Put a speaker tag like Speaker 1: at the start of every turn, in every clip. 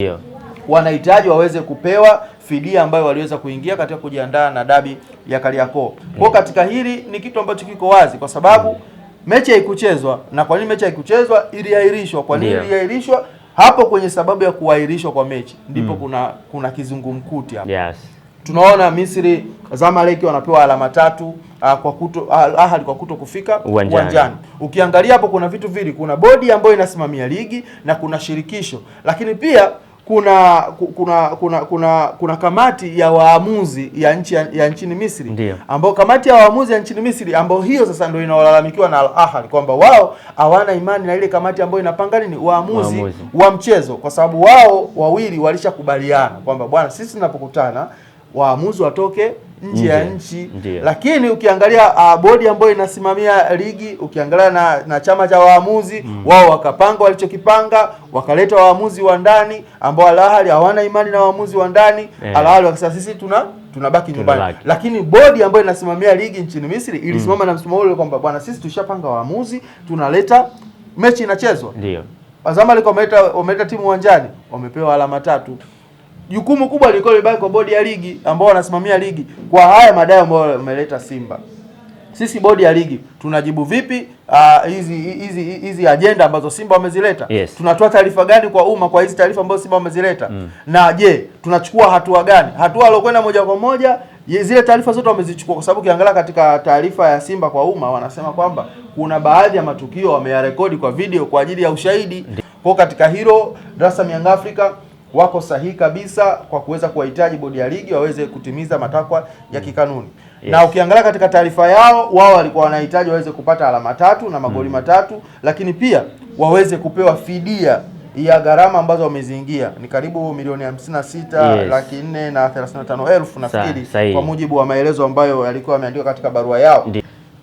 Speaker 1: Ndio. Wanahitaji waweze kupewa fidia ambayo waliweza kuingia katika kujiandaa na dabi ya Kariakoo. Kwa katika hili ni kitu ambacho kiko wazi kwa sababu mechi haikuchezwa. Na kwa nini mechi haikuchezwa? Iliahirishwa. Kwa nini iliahirishwa? Hapo kwenye sababu ya kuahirishwa kwa mechi ndipo mm. kuna kuna kizungumkuti hapo. Yes. Tunaona Misri Zamalek wanapewa alama tatu ah, kwa kuto ah, Ahli kwa kuto kufika
Speaker 2: uwanjani.
Speaker 1: Ukiangalia hapo kuna vitu vili, kuna bodi ambayo inasimamia ligi na kuna shirikisho, lakini pia kuna kuna kuna kuna kuna kamati ya waamuzi ya nchi ya nchini Misri ambao kamati ya waamuzi ya nchini Misri ambao hiyo sasa ndio inaolalamikiwa na Al Ahly kwamba wao hawana imani na ile kamati ambayo inapanga nini waamuzi, waamuzi wa mchezo, kwa sababu wao wawili walishakubaliana kwamba bwana, sisi tunapokutana waamuzi watoke nje ya nchi. Lakini ukiangalia uh, bodi ambayo inasimamia ligi ukiangalia na, na chama cha waamuzi mm. wao wakapanga walichokipanga, wakaleta waamuzi wa ndani ambao Al Ahly hawana imani na waamuzi wa ndani yeah. Al Ahly wakasema sisi tuna tunabaki nyumbani, lakini bodi ambayo inasimamia ligi nchini Misri mm. ilisimama mm. na msimamo ule kwamba bwana, sisi tushapanga waamuzi, tunaleta mechi inachezwa. Ndio Azam alikuwa wameleta timu uwanjani, wamepewa alama tatu jukumu kubwa lilikuwa libaki kwa bodi ya ligi ambao wanasimamia ligi kwa haya madai ambayo wameleta Simba. Sisi bodi ya ligi tunajibu vipi hizi uh, ah, hizi hizi ajenda ambazo Simba wamezileta? Yes. Tunatoa taarifa gani kwa umma kwa hizi taarifa ambazo Simba wamezileta? Mm. Na je, tunachukua hatua gani? Hatua alokwenda moja kwa moja zile taarifa zote wamezichukua, kwa sababu ukiangalia katika taarifa ya Simba kwa umma wanasema kwamba kuna baadhi ya matukio wameyarekodi kwa video kwa ajili ya ushahidi. Kwa katika hilo Drasa Young Africa wako sahihi kabisa kwa kuweza kuwahitaji bodi ya ligi waweze kutimiza matakwa ya mm. kikanuni. Yes. Na ukiangalia katika taarifa yao wao walikuwa wanahitaji waweze kupata alama tatu na magoli mm. matatu, lakini pia waweze kupewa fidia ya gharama ambazo wameziingia ni karibu milioni 56 yes. laki nne na 35 elfu nafikiri, kwa mujibu wa maelezo ambayo yalikuwa yameandikwa katika barua yao.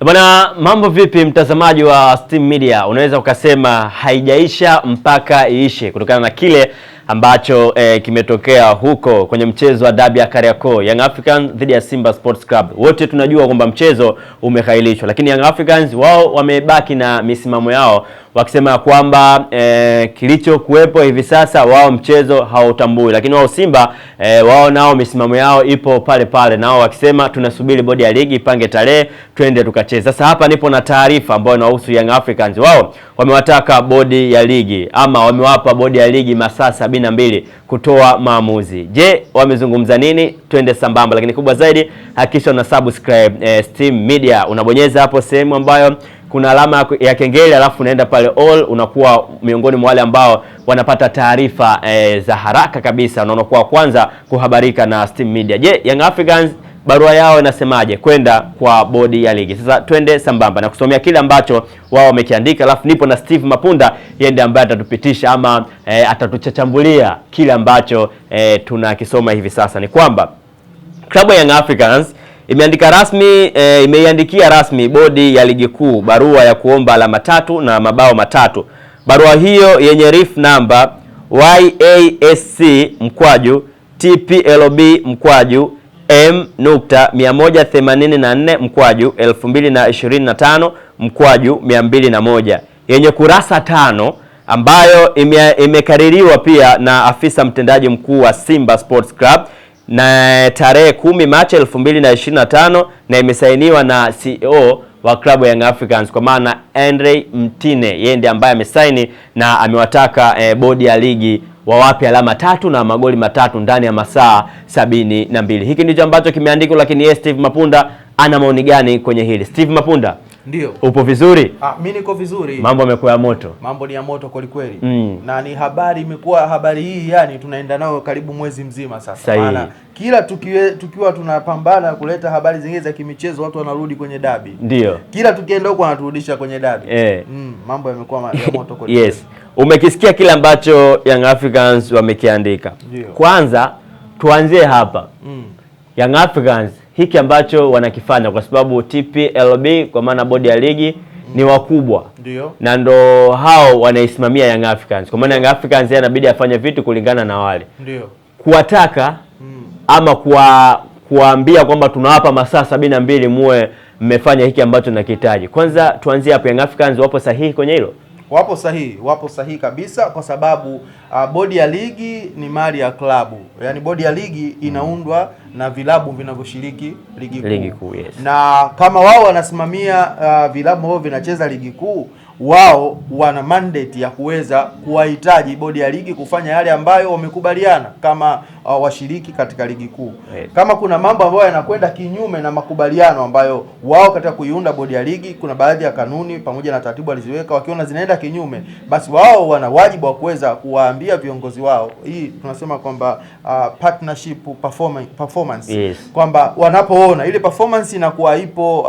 Speaker 2: Bwana, mambo vipi, mtazamaji wa Steam Media? Unaweza ukasema haijaisha mpaka iishe kutokana na kile ambacho eh, kimetokea huko kwenye mchezo wa dabi ya Kariakoo, Young Africans dhidi ya Simba Sports Club. Wote tunajua kwamba mchezo umehailishwa, lakini Young Africans wao wamebaki na misimamo yao wakisema ya kwamba e, kilichokuwepo hivi sasa wao mchezo hawautambui, lakini wao Simba e, wao nao misimamo yao ipo pale pale, nao wakisema tunasubiri bodi ya ligi ipange tarehe twende tukacheze. Sasa hapa nipo na taarifa ambayo inahusu Young Africans. Wao wamewataka bodi ya ligi ama wamewapa bodi ya ligi masaa sabini na mbili kutoa maamuzi. Je, wamezungumza nini? Twende sambamba, lakini kubwa zaidi hakikisha una subscribe e, Steam Media unabonyeza hapo sehemu ambayo kuna alama ya kengele, alafu unaenda pale all, unakuwa miongoni mwa wale ambao wanapata taarifa e, za haraka kabisa na unakuwa kwanza kuhabarika na Steam Media. Je, Young Africans barua yao inasemaje kwenda kwa bodi ya ligi? Sasa twende sambamba na kusomea kile ambacho wao wamekiandika, alafu nipo na Steve Mapunda yende ambaye atatupitisha ama e, eh, atatuchachambulia kile ambacho e, tunakisoma hivi sasa. Ni kwamba klabu ya Young Africans imeandika rasmi e, imeiandikia rasmi bodi ya ligi kuu barua ya kuomba alama tatu na mabao matatu. Barua hiyo yenye ref namba YASC mkwaju TPLB mkwaju M 184 mkwaju 2025 mkwaju 201 yenye kurasa tano ambayo ime, imekaririwa pia na afisa mtendaji mkuu wa Simba Sports Club na tarehe kumi Machi 2025 na imesainiwa na CEO wa klabu ya Young Africans kwa maana Andre Mtine, yeye ndiye ambaye amesaini na amewataka e, bodi ya ligi wawape alama tatu na magoli matatu ndani ya masaa sabini na mbili. Hiki ndicho ambacho kimeandikwa, lakini yeye Steve Mapunda ana maoni gani kwenye hili? Steve Mapunda. Ndio. Upo vizuri?
Speaker 1: Ah, mimi niko vizuri.
Speaker 2: Mambo yamekuwa ya moto.
Speaker 1: Mambo ni ya moto kweli kweli. Mm. Na ni habari imekuwa habari hii yani tunaenda nayo karibu mwezi mzima sasa. Maana kila tukiwe, tukiwa tunapambana kuleta habari zingine za kimichezo watu wanarudi kwenye dabi. Ndio. Kila tukienda huko wanaturudisha kwenye dabi. Eh. Mm, mambo yamekuwa ya moto kweli.
Speaker 2: Yes. Umekisikia kile ambacho Young Africans wamekiandika. Kwanza tuanzie hapa. Mm. Young Africans hiki ambacho wanakifanya, kwa sababu TPLB kwa maana bodi ya ligi ni wakubwa Ndiyo. na ndo hao wanaisimamia Young Africans, kwa maana Young Africans anabidi afanye vitu kulingana na wale Ndiyo. kuwataka mm. ama kuwa kuwaambia kwamba tunawapa masaa sabini na mbili muwe mmefanya hiki ambacho nakihitaji. Kwanza tuanzie hapo, Young Africans wapo sahihi kwenye hilo?
Speaker 1: wapo sahihi, wapo sahihi kabisa, kwa sababu uh, bodi ya ligi ni mali ya klabu, yaani bodi ya ligi inaundwa na vilabu vinavyoshiriki ligi kuu, ligi kuu yes. Na kama wao wanasimamia uh, vilabu ambavyo vinacheza ligi kuu, wao wana mandate ya kuweza kuwahitaji bodi ya ligi kufanya yale ambayo wamekubaliana kama washiriki katika ligi kuu Kama kuna mambo ambayo yanakwenda kinyume na makubaliano ambayo wao katika kuiunda bodi ya ligi, kuna baadhi ya kanuni pamoja na taratibu waliziweka, wakiona zinaenda kinyume, basi wao wana wajibu wa kuweza kuwaambia viongozi wao. Hii tunasema kwamba uh, partnership performance, performance. Yes. Kwamba wanapoona ile performance inakuwa haipo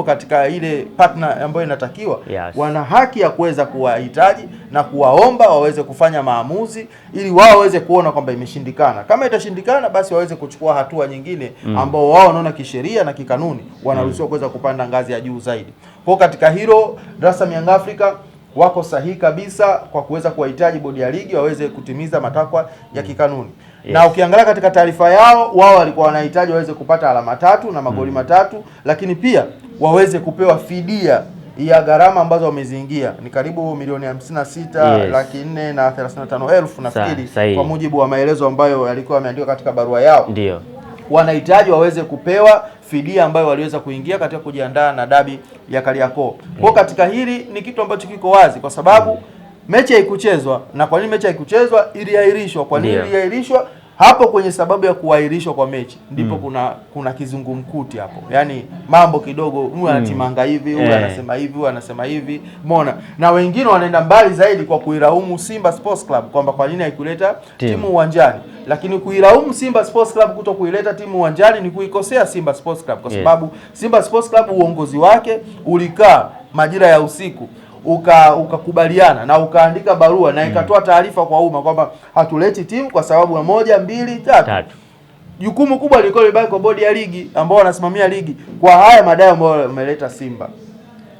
Speaker 1: uh, katika ile partner ambayo inatakiwa yes. Wana haki ya kuweza kuwahitaji na kuwaomba waweze kufanya maamuzi ili wao waweze kuona kwamba imeshindikana kama itashindikana, basi waweze kuchukua hatua nyingine mm. ambao wao wanaona kisheria na kikanuni wanaruhusiwa mm. kuweza kupanda ngazi ya juu zaidi. Kwa katika hilo Drasam Young Africa wako sahihi kabisa kwa kuweza kuwahitaji bodi ya ligi waweze kutimiza matakwa ya mm. kikanuni yes. Na ukiangalia katika taarifa yao, wao walikuwa wanahitaji waweze kupata alama tatu na magoli mm. matatu, lakini pia waweze kupewa fidia ya gharama ambazo wameziingia ni karibu milioni 56 yes, laki nne na 35 elfu nafikiri, kwa mujibu wa maelezo ambayo yalikuwa yameandikwa katika barua yao. Ndio wanahitaji waweze kupewa fidia ambayo waliweza kuingia katika kujiandaa na dabi ya Kariakoo. Kwa katika hili ni kitu ambacho kiko wazi kwa sababu mechi haikuchezwa. Na kwa nini mechi haikuchezwa? Iliahirishwa. Kwa nini iliahirishwa? hapo kwenye sababu ya kuahirishwa kwa mechi ndipo mm. kuna kuna kizungumkuti hapo, yaani mambo kidogo, huyu mm. anatimanga hivi, huyu eh. anasema hivi, huyu anasema hivi, umeona. Na wengine wanaenda mbali zaidi kwa kuilaumu Simba Sports Club kwamba kwa nini haikuleta timu uwanjani, lakini kuilaumu Simba Sports Club kuto kuileta timu uwanjani ni kuikosea Simba Sports Club, kwa sababu Simba Sports Club uongozi wake ulikaa majira ya usiku ukakubaliana uka na ukaandika barua na mm. ikatoa taarifa kwa umma kwamba hatuleti timu kwa sababu ya moja, mbili, tatu. Jukumu kubwa lilikuwa libaki kwa bodi ya ligi ambao wanasimamia ligi kwa haya madai ambayo wameleta Simba.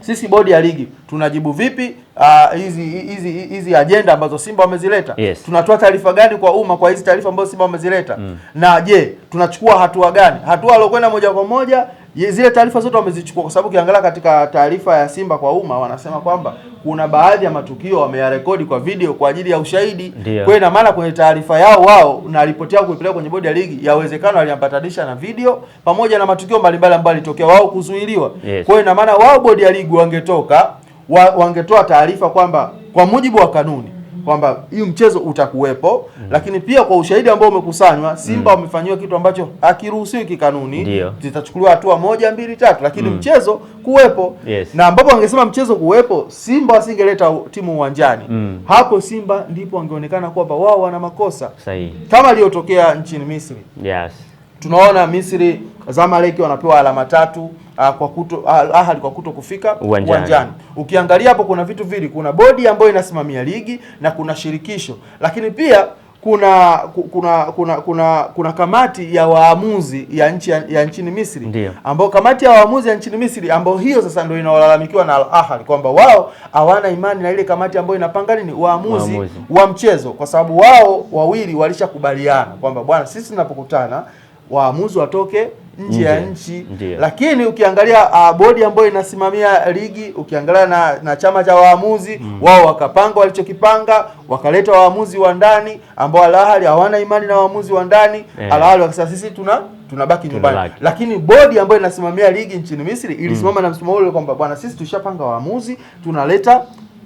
Speaker 1: Sisi bodi ya ligi tunajibu vipi hizi uh, ah, hizi hizi ajenda ambazo Simba wamezileta? Yes. Tunatoa taarifa gani kwa umma kwa hizi taarifa ambazo Simba wamezileta? Mm. Na je, tunachukua hatua gani? Hatua alokwenda moja kwa moja zile taarifa zote wamezichukua, kwa sababu ukiangalia katika taarifa ya Simba kwa umma wanasema kwamba kuna baadhi ya matukio wameyarekodi kwa video kwa ajili ya ushahidi. Kwa ina maana kwenye taarifa yao wao na ripoti yao kuipeleka kwenye bodi ya ligi, yawezekano waliambatanisha na video pamoja na matukio mbalimbali ambayo alitokea wao kuzuiliwa. Yes. Kwa ina maana wao bodi ya ligi wangetoka wa, wangetoa taarifa kwamba kwa mujibu wa kanuni kwamba hiyo mchezo utakuwepo mm Lakini pia kwa ushahidi ambao umekusanywa Simba mm. wamefanyiwa mm kitu ambacho hakiruhusiwi kikanuni, zitachukuliwa hatua moja mbili tatu, lakini mm mchezo kuwepo yes. Na ambapo wangesema mchezo kuwepo, Simba wasingeleta timu uwanjani mm Hapo Simba ndipo wangeonekana kwamba wao wana makosa sahihi, kama aliyotokea nchini Misri yes. Tunaona Misri Zamalek wanapewa alama tatu uh, kwa kuto, uh, kwa kuto kufika uwanjani. Ukiangalia hapo kuna vitu vili, kuna bodi ambayo inasimamia ligi na kuna shirikisho, lakini pia kuna kuna kuna kuna kuna kamati ya waamuzi ya nchi ya nchini Misri ambao kamati ya waamuzi ya nchini Misri ambao hiyo sasa ndio inaolalamikiwa na Al Ahly kwamba wao hawana imani na ile kamati ambayo inapanga nini waamuzi, waamuzi wa mchezo, kwa sababu wao wawili walishakubaliana kwamba bwana, sisi tunapokutana waamuzi watoke nje ya nchi. Lakini ukiangalia uh, bodi ambayo inasimamia ligi ukiangalia na, na chama cha waamuzi mm. wao wakapanga walichokipanga, wakaleta waamuzi wa ndani ambao Al Ahly hawana imani na waamuzi wa ndani yeah. Al Ahly wakasema sisi tuna tunabaki nyumbani, lakini bodi ambayo inasimamia ligi nchini Misri ilisimama mm. na msimamo ule kwamba bwana, sisi tushapanga waamuzi, tunaleta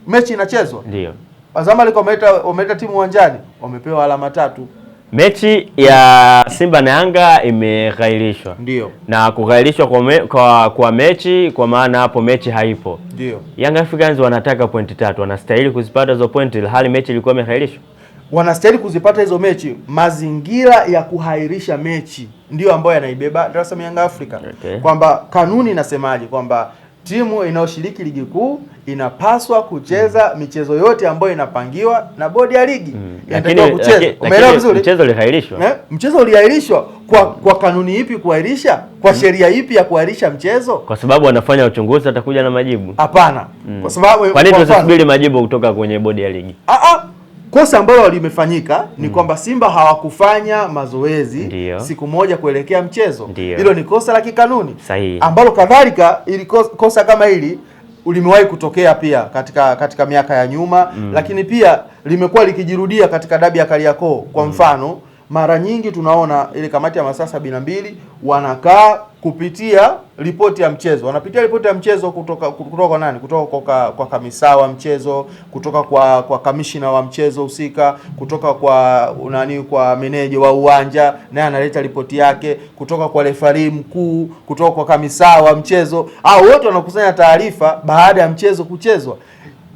Speaker 1: mechi inachezwa. Ndio Azam alikuwa wameleta timu uwanjani, wamepewa alama tatu.
Speaker 2: Mechi ya Simba na Yanga imeghairishwa. Ndio. Na kughairishwa kwa, me, kwa, kwa mechi kwa maana hapo mechi haipo. Ndio. Yanga Africans wanataka pointi tatu, wanastahili kuzipata hizo pointi hali mechi ilikuwa imeghairishwa.
Speaker 1: Wanastahili kuzipata hizo mechi, mazingira ya kuhairisha mechi ndiyo ambayo yanaibeba Dar es Africa. Okay. Kwamba kanuni inasemaje kwamba timu inayoshiriki ligi kuu inapaswa kucheza mm. michezo yote ambayo inapangiwa na bodi ya ligi mm. inatakiwa mm. kucheza.
Speaker 2: Umeelewa vizuri? Mchezo uliahirishwa,
Speaker 1: eh? mchezo uliahirishwa kwa mm. kwa kanuni ipi kuahirisha? Kwa mm. sheria ipi ya kuahirisha mchezo?
Speaker 2: Kwa sababu wanafanya uchunguzi, atakuja na majibu. Hapana mm. kwa sababu kwa nini tusubiri majibu kutoka kwenye bodi ya ligi?
Speaker 1: ah -ah. Kosa ambalo limefanyika ni mm. kwamba Simba hawakufanya mazoezi Ndiyo. siku moja kuelekea mchezo. Hilo ni kosa la kikanuni ambalo kadhalika ili kosa kama hili ulimewahi kutokea pia katika katika miaka ya nyuma mm. Lakini pia limekuwa likijirudia katika dabi ya Kariakoo kwa mm. mfano mm mara nyingi tunaona ile kamati ya masaa sabini na mbili wanakaa kupitia ripoti ya mchezo, wanapitia ripoti ya mchezo kutoka kutoka kwa nani? Kutoka kwa, kwa kamisa wa mchezo, kutoka kwa kwa kamishina wa mchezo husika, kutoka kwa nani, kwa meneja wa uwanja, naye analeta ripoti yake, kutoka kwa refari mkuu, kutoka kwa kamisa wa mchezo, au wote wanakusanya taarifa baada ya mchezo kuchezwa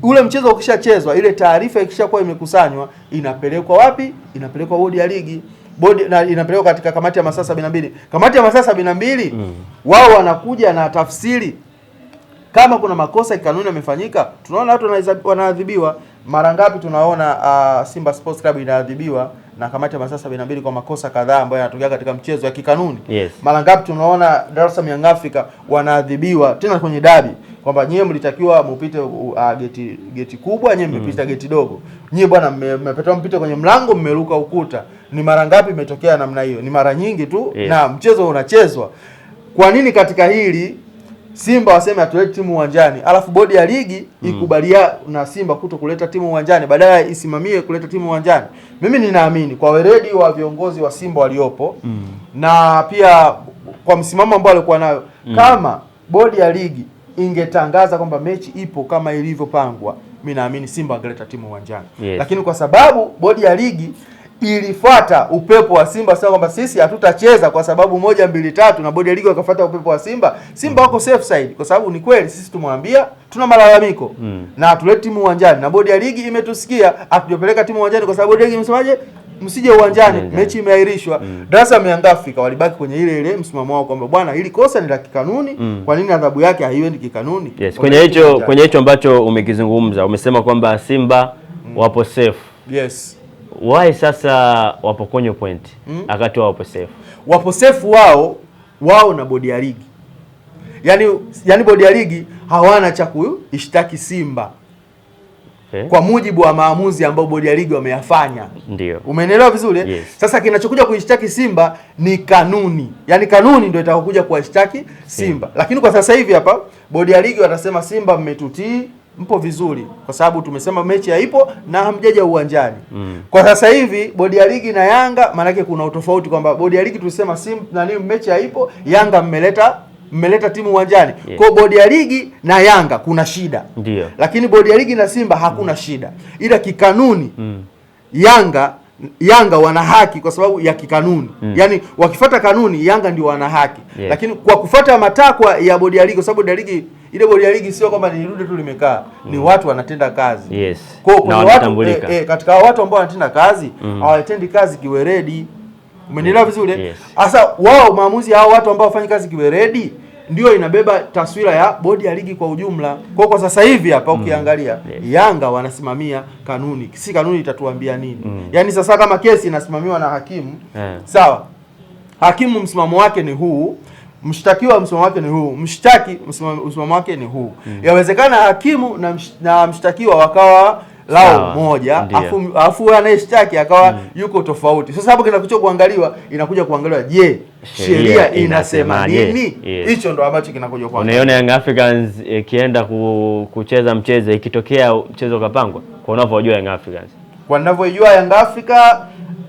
Speaker 1: ule mchezo ukishachezwa, ile taarifa ikishakuwa imekusanywa, inapelekwa wapi? Inapelekwa bodi ya ligi bodi na inapelekwa katika kamati ya masaa sabini na mbili. Kamati ya masaa sabini na mbili mm. wao wanakuja na tafsiri kama kuna makosa ya kanuni yamefanyika. Tunaona watu wanaadhibiwa mara ngapi? Tunaona uh, Simba Sports Club inaadhibiwa na kamati ya masaa sabini na mbili kwa makosa kadhaa ambayo yanatokea katika mchezo ya kikanuni yes. Mara ngapi tunaona Dar es Salaam Young Africa wanaadhibiwa tena kwenye dabi kwamba nyie mlitakiwa mupite uh, geti geti kubwa, nyie mmepita mm. geti dogo. Nyie bwana mmepita mpite kwenye mlango, mmeruka ukuta. Ni mara ngapi imetokea namna hiyo? Ni mara nyingi tu yeah. na mchezo unachezwa. Kwa nini katika hili Simba waseme atulete timu uwanjani, alafu bodi ya ligi mm. ikubalia na Simba kuto kuleta timu uwanjani, baadaye isimamie kuleta timu uwanjani? Mimi ninaamini kwa weredi wa viongozi wa Simba waliopo mm. na pia kwa msimamo ambao alikuwa nayo mm. kama bodi ya ligi ingetangaza kwamba mechi ipo kama ilivyopangwa, mi naamini Simba angeleta timu uwanjani yes. Lakini kwa sababu bodi ya ligi ilifuata upepo wa Simba sasa kwamba sisi hatutacheza kwa sababu moja mbili tatu, na bodi ya ligi wakafuata upepo wa Simba. Simba wako safe side, kwa sababu ni kweli sisi tumwambia tuna malalamiko mm. na hatuleti timu uwanjani, na bodi ya ligi imetusikia, hatujapeleka timu uwanjani kwa sababu bodi ya ligi imesemaje? msije uwanjani, mechi imeahirishwa. mm. Dar es Afrika walibaki kwenye ile ile msimamo wao kwamba bwana, hili kosa ni la kikanuni. mm. Kwa nini adhabu yake haiendi kikanuni?
Speaker 2: Yes, kwenye hicho kwenye hicho ambacho umekizungumza, umesema kwamba Simba mm. wapo safe. Yes, why sasa kwenye point mm. akati wapo safe,
Speaker 1: wapo safe wao wao na bodi ya ligi, yaani yaani bodi ya ligi hawana cha kuishtaki Simba okay. Eh? kwa mujibu wa maamuzi ambayo bodi ya ligi wameyafanya. Ndio. Umeelewa vizuri? Eh? Yes. Sasa kinachokuja kuishtaki Simba ni kanuni, yaani kanuni ndio itakokuja kuwashtaki Simba yeah. Lakini kwa sasa hivi hapa bodi ya ligi watasema Simba mmetutii mpo vizuri kwa sababu tumesema mechi haipo na hamjaja uwanjani. Mm. Kwa sasa hivi bodi ya ligi na Yanga maanake kuna utofauti kwamba bodi ya ligi tulisema Simba na mechi haipo, Yanga mmeleta mmeleta timu uwanjani yeah. Kwa bodi ya ligi na Yanga kuna shida ndio, lakini bodi ya ligi na Simba hakuna mm. shida, ila kikanuni mm. Yanga Yanga wana haki kwa sababu ya kikanuni mm. yaani wakifata kanuni Yanga ndio wana haki yeah. Lakini kwa kufata matakwa ya bodi ya ligi, kwa sababu bodi ya ligi ile bodi ya ligi sio kwamba nirudi tu limekaa mm. ni watu wanatenda kazi yes. Kwa hiyo eh, eh, katika watu ambao wanatenda kazi mm. hawatendi mm. kazi kiweredi Umenielewa vizuri? Sasa eh? yes. Wao maamuzi hao watu ambao wafanya kazi kiweredi ndio inabeba taswira ya bodi ya ligi kwa ujumla. Kwa kwa sasa hivi hapa mm. ukiangalia mm. yes. Yanga wanasimamia kanuni, si kanuni itatuambia nini? mm. Yaani sasa kama kesi inasimamiwa na hakimu yeah. Sawa, hakimu msimamo wake ni huu, mshtakiwa msimamo wake ni huu, mshtaki msimamo wake ni huu mm. Yawezekana hakimu na mshtakiwa wakawa lao moja, afu afu anayeshtaki akawa mm. yuko tofauti. Sasa hapo kinakuchwa kuangaliwa, inakuja kuangaliwa, je, sheria inasema nini? Hicho ndo ambacho kinakuja kwa.
Speaker 2: Unaiona Young Africans eh, ikienda ku, kucheza mchezo, ikitokea mchezo ukapangwa, kwa unavyojua Young Africans,
Speaker 1: kwa ninavyojua Young Africa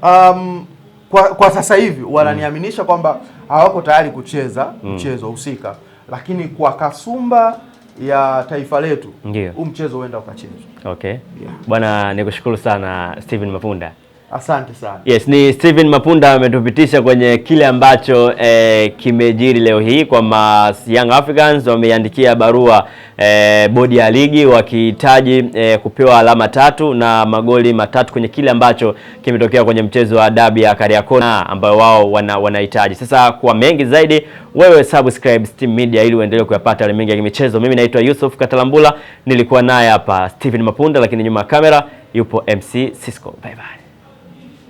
Speaker 1: um, kwa, kwa sasa hivi wananiaminisha hmm. kwamba hawako tayari kucheza hmm. mchezo mm. husika, lakini kwa kasumba ya taifa letu, ndio huu mchezo huenda ukachezwa.
Speaker 2: Okay. Yeah. Bwana nikushukuru sana Steven Mapunda.
Speaker 1: Asante sana.
Speaker 2: Yes, ni Steven Mapunda ametupitisha kwenye kile ambacho eh, kimejiri leo hii kwamba Young Africans wameandikia barua eh, bodi ya ligi wakihitaji eh, kupewa alama tatu na magoli matatu kwenye kile ambacho kimetokea kwenye mchezo wa dabi ya Kariakoo ambayo wao wanahitaji. Wana sasa kwa mengi zaidi wewe subscribe Steam Media ili uendelee kuyapata yale mengi ya michezo. Mimi naitwa Yusuf Katalambula, nilikuwa naye hapa Steven Mapunda, lakini nyuma ya kamera yupo MC Cisco. Bye bye.